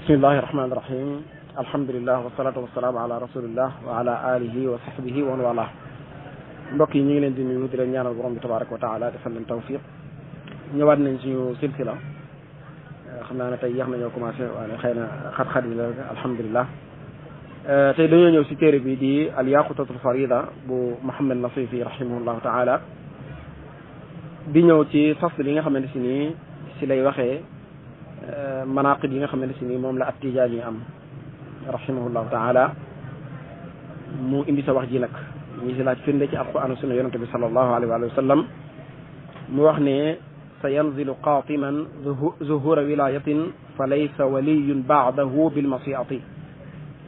bismillahi rahmaani rahim alhamdulilah wasalaatu wasalaamu ala rasulillah wa ala alihi wa sahbihi wa wala mbokk yi ñu ngi leen di nuyu di leen ñaanal borom bi tabaraka wa taala defal leen tawfiq ñëwaat nañ suñu silsila xam naa ne tey yéex nañoo commencé waaye xëy na xat-xat yi la alhamdulilah euh, tey dañoo ñëw si téere bi di al yaqutatul farida bu Muhammad Nasifi rahimahullahu taala di ñëw ci fasl yi nga xamante si nii si lay waxee Euh, manaqib yi nga xamante si nii moom la at tijaan yi am rahimahullahu taala mu indi sa wax ji nag ñi si laaj firnde ci alquran sunna yonente bi salallahu alayhi wa sallam mu wax ne sa yanzilu qaatiman zuhura wilayatin fa laysa waliyun baadahu bilmasiati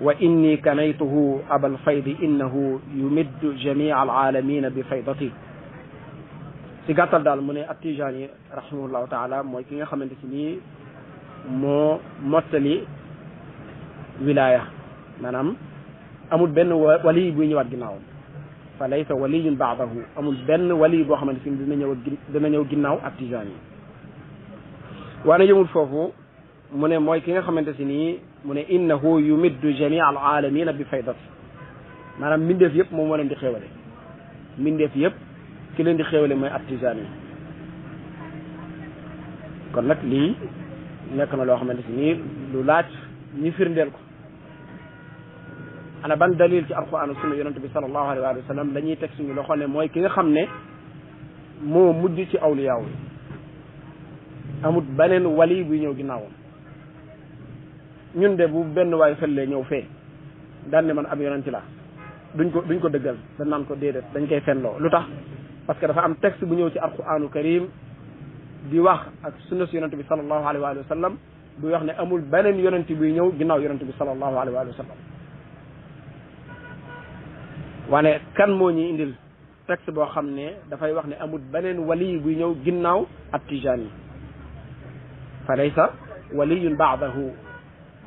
wa inni kanaytuhu abal faydi innahu yumiddu jamia alalamina bi faydati si gàttal daal mu ne at tijaan yi rahimahullahu taala mooy ki nga xamante si nii moo mottali wilaaya maanaam amul benn wali buy ñëwaat ginnaawam fa laysa waliyun baadahu amul benn wali boo xamante si dina ñëw dina ñëw ginnaaw ak tijaan yi waane foofu mu ne mooy ki nga xamante si nii mu ne innahu yumiddu jamia al alamina bi faydat maanaam mbindeef yëpp moom walla leen di xéewale mbindeef yëpp ki leen di xéewale mooy at tijaan kon nag nekk na loo xamante nii lu laaj ñu firndeel ko ana ban dalil ci alquran sunna yonent bi sallallahu alayhi wa sallam la ñuy ñu suñu loxo ne mooy ki nga xam ne moo mujj ci awliyaaw yi amut beneen wali buy ñëw ginnaawam ñun de bu benn waay fellee ñëw fee daan ne man am yonent la duñ ko duñ ko dëggal dañ naan ko déedéet dañ koy fenloo lu tax parce que dafa am texte bu ñëw ci alquranu karim di wax ak sunna si yonente bi salallahu alayhi wa sallam di wax ne amul beneen yonente buy ñëw ginnaaw yonente bi salallahu alayhi wa sallam wane kan moo ñu indil texte boo xam ne dafay wax ne amul beneen wali buy ñëw ginnaaw at tijaan yi fa laysa waliyun baadahu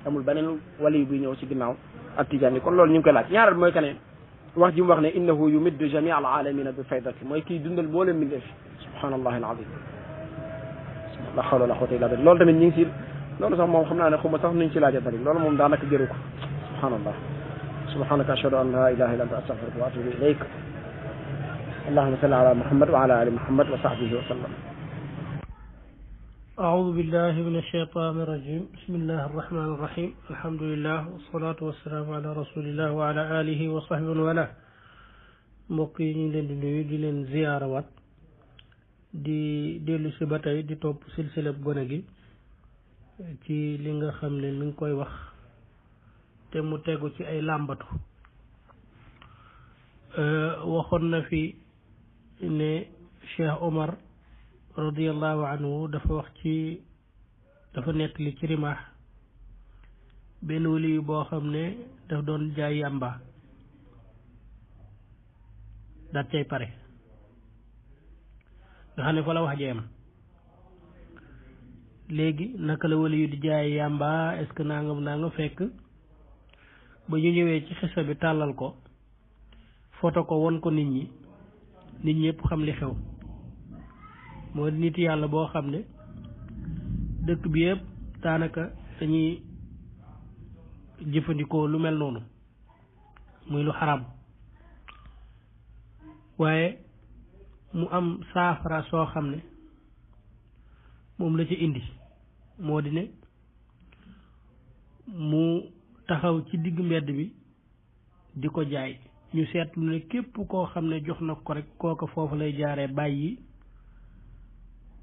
amul beneen wali buy ñëw ci ginnaaw at tijaan yi kon loolu ñu ngi koy laaj ñaareel mooy kane wax ji mu wax ne innahu yumiddu jamia al alamina bi faydati mooy kii dundal boo leen mbindeef subhanallah al azim la xawla la xawta illa billah loolu tamit ñu ngi si loolu sax moom xam naa ne xuma sax nuñ ci laaja bari loolu moom daanaka jëru ko subhanallah subhanaka ashhadu an la ilaha illa anta astaghfiruka wa atubu ilayk allahumma salli ala muhammad wa ala ali muhammad wa sahbihi wa sallam أعوذ بالله من الشيطان الرجيم بسم الله الرحمن الرحيم الحمد لله والصلاة والسلام على رسول الله وعلى آله وصحبه وله مقيم لندنوي لن زيارة di dellu si ba tey di topp bu gone gi ci li nga xam ne mi ngi koy wax te mu tegu ci ay làmbatu euh, waxoon na fi ne Cheikh Omar radiallahu anhu dafa wax ci dafa nettali ci rimaax benn wali boo xam ne daf doon jaay yàmba daat cay pare nga xam ne fa la wax jeem léegi naka la wali yu di jaay yàmba est-ce que nangam nangam fekk ba ñu ñëwee ci xisa bi tàllal ko foto ko won ko nit ñi nit ñi yëpp xam li xew moo nit yàlla boo xam ne dëkk bi yépp daanaka dañuy jëfandikoo lu mel noonu muy lu xaram waaye mu am saafara soo xam ne moom la ci indi moo di ne mu taxaw ci diggu mbedd bi di ko jaay ñu seetlu ne képp koo xam ne jox na ko rek kooka foofu lay jaaree bàyyi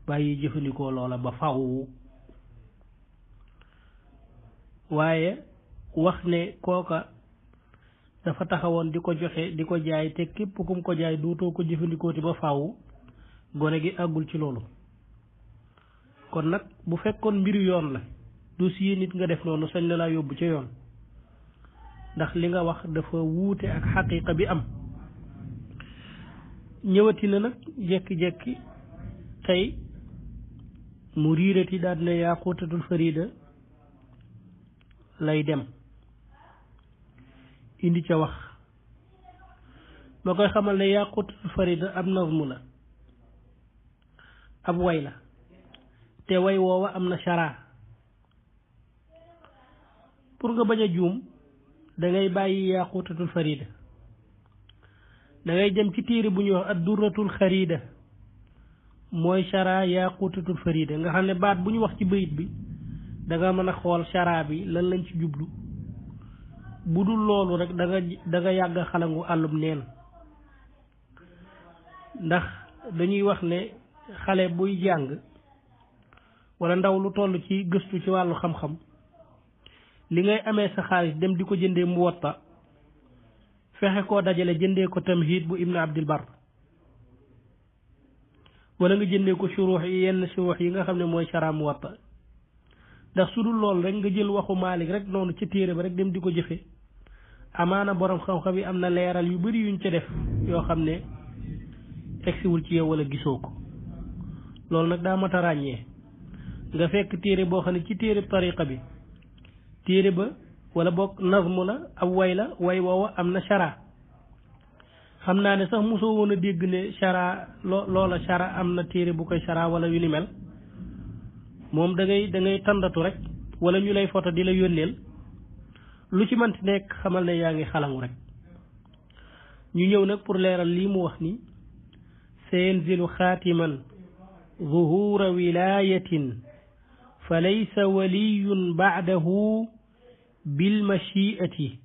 bàyyi jëfandikoo loola ba faw waaye wax ne kooka dafa taxawoon di ko joxe di ko jaay te képp kum ko jaay duutoo ko jëfandikooti ba faaw gone gi àggul ci loolu kon nag bu fekkoon mbiru yoon la dossier nit nga def noonu sañ na laa yóbbu ca yoon ndax li nga wax dafa wuute ak xaqiiqa bi am ñëwati na nag jekki-jekki tey mu riirati daal ne yaa xóotatul farida lay dem indi ca wax loo koy xamal ne yaaqutul farida ab nazmu la ab woy la te woy woowa am na chara pour nga bañ a juum dangay bàyyi yaaquutatul farida da ngay jëm ci téere bu ñuy wax ak duratul xarida mooy chara yaaquutatul farida nga xam ne baat bu ñu wax ci bayit bi danga mën a xool chara bi lan lañ ci jublu bu dul loolu rek da nga da nga yàgg xalangu àllum neen ndax dañuy wax ne xale buy jàng walla ndaw lu toll ci gëstu ci wàllu xam-xam li ngay amee sa xaalis dem di ko jëndee mu wotta fexe koo dajale jëndee ko tamhid bu ibnu abdil bar wala nga jëndee ko suruux yi yenn suruux yi nga xam ne mooy saraam wotta ndax su dul loolu rek nga jël waxu Maalik rek noonu ca téere ba rek dem di ko jëfe amaana borom xam-xam yi am na leeral yu bari yuñ ca def yoo xam ne egsiwul ci yow wala gisoo ko loolu nag daa mat a ràññee nga fekk téere boo xam ne ci téere tariqa bi téere ba wala boog nazmu la ab way la way woowa am na chara xam naa ne sax mosoo woon a dégg ne chara loo loola chara am na téere bu koy chara wala yu ni mel moom da ngay da ngay tàndatu rek wala ñu lay foto di la yónneel lu ci mënti nekk xamal na yaa ngi xalangu rek ñu ñëw nag pour leeral lii mu wax ni sayanzilu xaatiman zuhura wilayatin fa laysa waliyun baadahu bil yi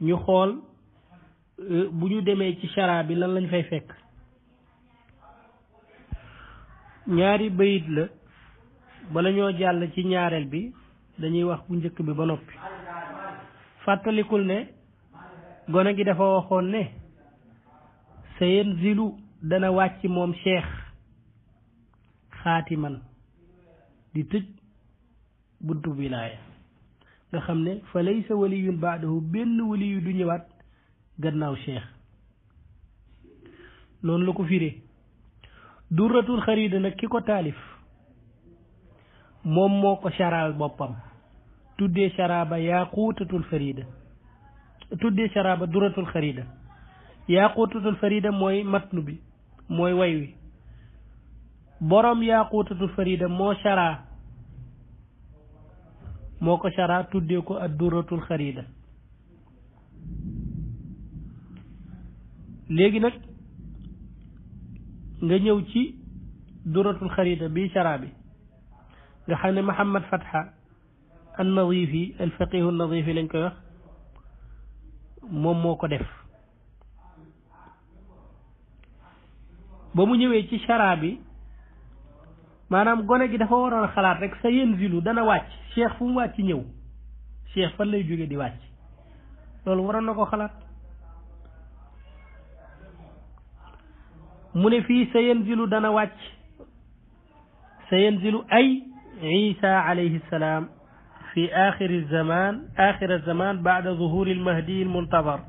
ñu xool euh, bu ñu demee ci chara bi lan lañ fay fekk ñaari bayit la bala ñoo jàll ci ñaareel bi dañuy wax bu njëkk bi ba noppi fàttalikul ne gone gi dafa waxoon ne sayanzilu dana wàcc moom cheikh xaatiman di tëj buntu wilaaya nga xam ne fa laysa waliyun baadahu benn waliyu du ñëwaat gannaaw cheikh noonu la ko firee duratul xarida nag ki ko taalif moom moo ko charaal boppam tuddee charaaba yaaquutatul farida tuddee charaaba duratul xarida yaaquutatul farida mooy matnu bi mooy way wi boroom yaaquutatul farida moo charaa moo ko charaa tuddee ko ak duratul xarida léegi nag nga ñëw ci duratul xarida bi charaa bi nga xam ne Mouhamad Fatha an nadifi al faqihu nadifi lañ koy wax moom moo ko def ba mu ñëwee ci chara bi maanaam gone gi dafa waroon a xalaat rek sa yenn zilu dana wàcc cheikh fu mu wàcc ñëw cheikh fan lay jóge di wàcc loolu waroon na ko xalaat mu ne fii sa yenn zilu dana wàcc sa yenn ay isa alayhi salaam fi axiri zaman axira zaman baada zuhuri almahdi almuntazar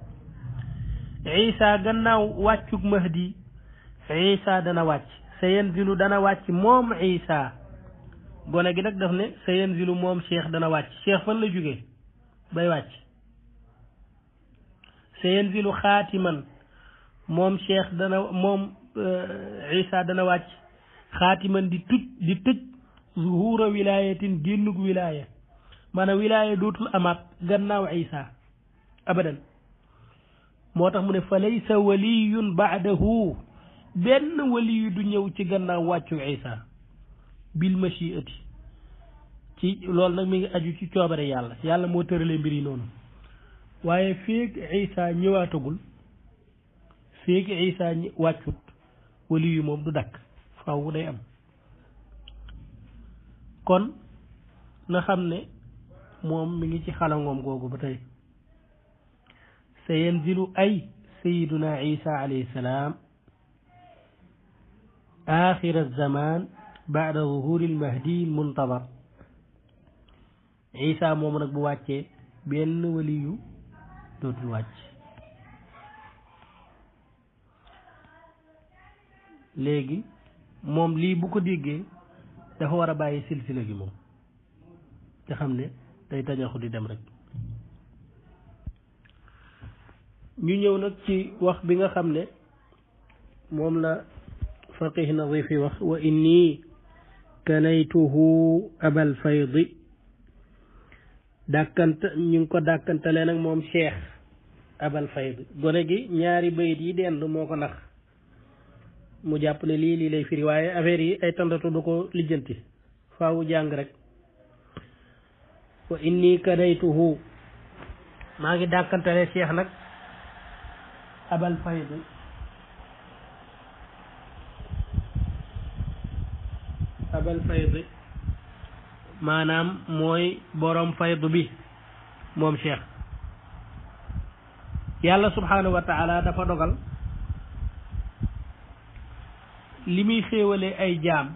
isa gannaaw wàccug mahdi isa dana wàcc sa yanzilu dana wàcc moom isa gone gi nag daf ne sa yanzilu moom cheikh dana wàcc cheikh fan la jógee bay wàcc sa yanzilu xaatiman moom cheikh dana moom isa euh, dana wàcc xaatiman di tuj di tëj zuhura wilaayatin génnug wilaaya maanaam wilaaya dootul amaat gannaaw isa abadan moo tax mu ne fa laysa waliyun baadahu benn waliyu du ñëw ci gannaaw wàccu isa bil machiati ci loolu nag mi ngi aju ci coobare yàlla yàlla moo tëralee mbir yi noonu waaye feeg isa ñëwaatagul feeg isa wàccut waliyu moom du dakk faaw day am kon na xam ne moom mu ngi ci xalangoom googu ba tey sa yanzilu ay sayiduna isa alayhi salaam axira zaman baada zuhuri almahdi almuntazar isa moom nag bu wàccee benn waliyu dootul wàcc léegi moom lii bu ko diggee dafa war a bàyyi silsila gi moom te xam ne tey tañaxu di dem rek ñu ñëw nag ci wax bi nga xam ne moom la faqih nadifi wax wa inni kalaytuhu abal faydi dàkkant ñu ngi ko dàkkantale nag moom cheikh abal faydi gone gi ñaari bayit yi dend moo ko nax mu jàpp ne lii lii lay fi waaye affaire yi ay tandatu du ko lijjanti faawu jàng rek wa inni kadaytuhu maa ngi dàkkantale cheikh nag abal faydu abal faydu maanaam mooy borom faydu bi moom cheikh yàlla subhanahu wa taala dafa dogal li muy xéewalee ay jaam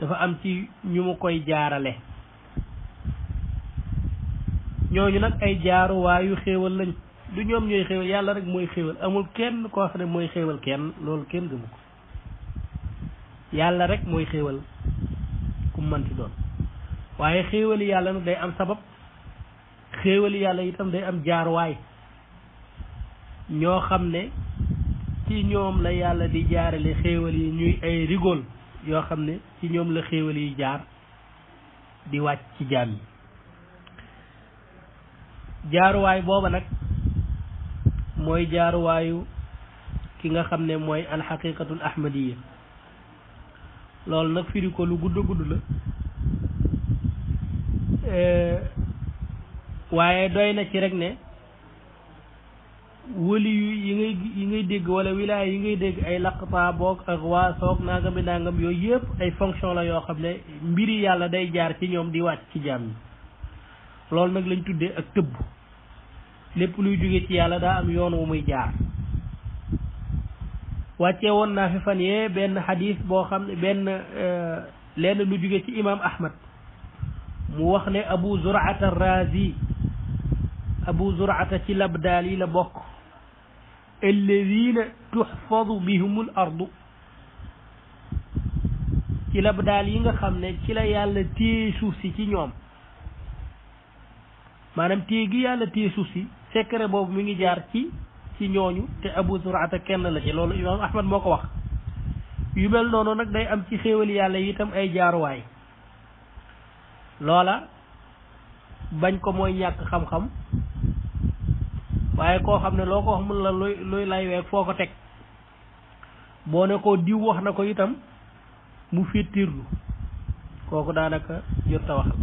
dafa am ci ñu mu koy jaarale ñooñu nag ay jaaruwaayu xéewal lañ du ñoom ñooy xéewal yàlla rek mooy xéewal amul kenn koo xam mooy xéewal kenn loolu kenn gëmu ko yàlla rek mooy xéewal ku mënti doon waaye xéewali yàlla nag day am sabab xéewali yàlla itam day am jaaruwaay ñoo xam ne ci ñoom la yàlla di jaarale xéewal yi ñuy ay rigol yoo xam ne ci ñoom la xéewal yi jaar di wàcc ci jaam yi jaaruwaay booba nag mooy jaaruwaayu ki nga xam ne mooy alxaqiqatul ahmadiya loolu nag firi ko lu gudd gudd la eh, waaye doy na ci rek ne waliyu yi ngay yi ngay dégg wala wilaaya yi ngay dégg ay laqta boog ak waa soog nangam nangam yooyu yëpp ay fonction la yoo xam ne mbiri yàlla day jaar ci ñoom di wàcc ci jaam yi loolu nag lañ tuddee ak tëbb lépp luy jóge ci yàlla daa am yoon wu muy jaar wàcce woon naa fi fan yee benn xadis boo xam ne benn euh, lenn lu jóge ci imam ahmad mu wax ne abu zuraata razi abu zuraata ci labdaal yi la bokk alladina bi bihumul ardu ci la daal yi nga xam ne ci la yàlla téye suuf si ci ñoom maanaam téye gi yàlla téye suuf si secret boobu mu ngi jaar ci ci ñooñu te abu zuraata kenn la ci loolu imaam ahmad moo ko wax yu mel noonu nag day am ci xéewal yàlla yi itam ay jaaruwaay loola bañ ko mooy ñàkk xam-xam waaye koo xam ne loo ko wax mun la luy luy lay weeg foo ko teg boo ne ko diw wax na ko itam mu féttirlu kooku daanaka jot a waxal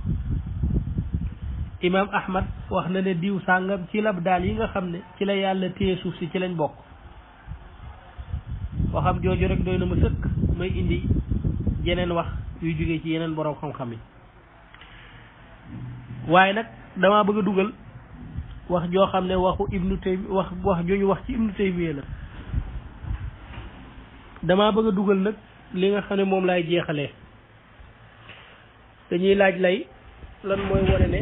imaam ahmad wax na ne diw sàngam ci lab daal yi nga xam ne ci la yàlla téye suuf si ci lañ bokk waxam jooju rek doy na ma sëkk may indi yeneen wax yuy jóge ci yeneen boroom xam-xam yi waaye nag dama bëgg a dugal wax joo xam ne waxu ibnu tay wax wax ñu wax ci ibnu taymiya la damaa bëgg a dugal nag li nga xam ne moom laay jeexalee dañuy laaj lay lan mooy wane ne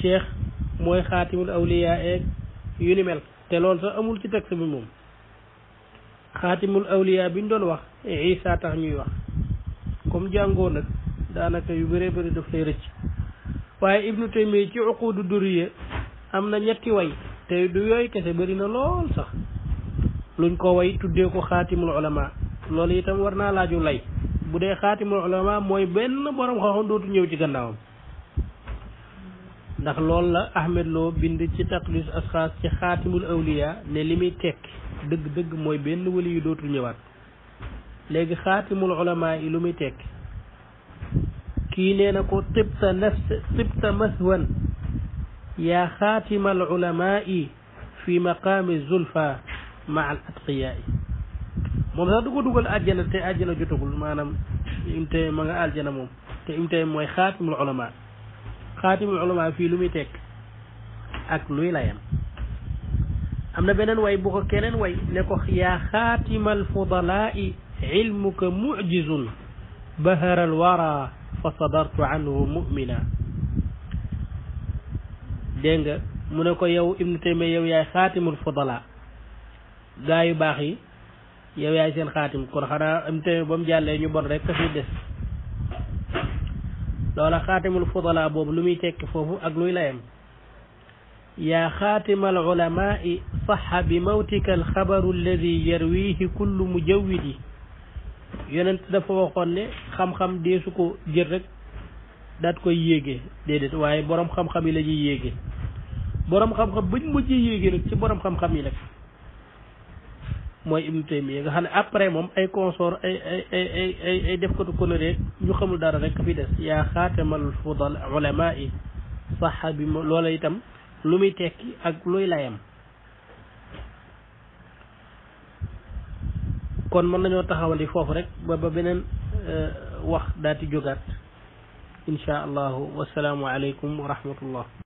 cheikh mooy xaatimul awliyaa eeg yu ni mel te loolu sax amul ci texte bi moom xaatimul awliyaa bi ñu doon wax isa tax ñuy wax comme jàngoo nag daanaka yu bëree bëri daf lay rëcc waaye ibnu taymiya ci uqudu duriya am na ñetti way te du yooyu kese bëri na lool sax luñ ko way tuddee ko xaatimul ulama loolu itam war naa laaju lay bu dee xaatimul ulama mooy benn borom xam-xam dootu ñëw ci gannaawam ndax loolu la Ahmed Lo bind ci taqdis asxaas ci xaatimul awliya ne li muy tekki dëgg-dëgg mooy benn wali yu dootul ñëwaat léegi xaatimul ulama yi lu muy tekki kii nee na ko tibta nafs tibta maswan yaa xaatima al ulamaai fi maqaami zulfa ma al atqiyaai moom sax du ko dugal àjjana te àjjana jotagul maanaam im tey ma nga àjjana moom te im tey mooy xaatimul ulama xaatimul ulama fii lu muy tekk ak luy layam am na beneen way bu ko keneen way ne ko yaa xaatimal fudalaai ilmuka mujizun bahara alwara fa sadartu anhu mumina dégg nga mu ne ko yow ibnu taymiya yow yaay xaatimul fudala gaa yu baax yi yow yaay seen xaatim kon xanaa ibnu taymiya ba mu jàllee ñu bon rek ka fi des loola xaatimul fudala boobu lu muy tekki foofu ak luy layam yaa xaatima al ulamaai saxa bi mawtika al xabaru alladi yarwihi kullu mujawwidi yonent dafa waxoon ne xam-xam deesu ko jël rek daat koy yéege déedéet waaye boroom xam-xam yi lañuy yéege borom xam-xam bañ mujjee yéegee nag ci borom xam-xam yi nag mooy Ibnu Taymiya nga xam ne après moom ay consort ay ay ay ay def ko konoré ñu xamul dara rek fi des yaa xaatamal fudal ulama yi saxa bi loola itam lu muy tekki ak luy layam kon mën nañoo taxawandi foofu rek ba ba beneen e, wax daati jógaat insha allahu wasalaamu aleykum wa rahmatullah